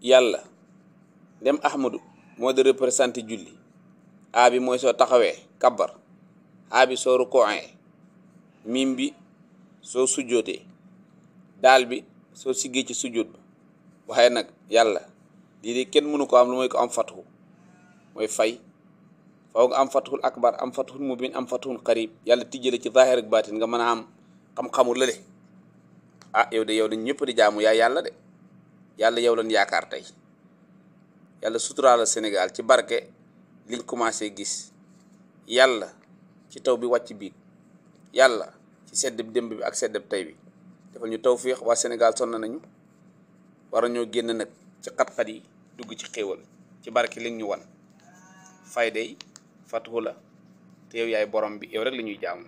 yàlla dem ahmadu moo di représenté julli a bi mooy soo taxawee kabar a bi soo rukoowee mim bi soo sujjootee daal bi soo siggee ci sujjoot ba waaye nag yàlla lii de kenn mënu ko am lu mooy ko am fatxu mooy fay faw nga am fatxul akbar am fatxul mubin am fatxul xarib yàlla tijjale ci zaahir ak baatin nga mën a am xam-xamu lële ah yow de yow dañ ñëpp di jaamu yaay yàlla de yàlla yow lañ yaakaar tey yàlla suturaala Sénégal ci barke liñ commencé gis yàlla ci taw bi wàcc biig yàlla ci sedd bi démb bi ak sedd bi tey bi defal ñu taw féex waa Sénégal sonn nañu war ñoo génn nag ci xat-xat yi dugg ci xéewal ci barke liñ ñu wan fayday fatuhu la te yow yaay borom bi yow rek la ñuy jaamu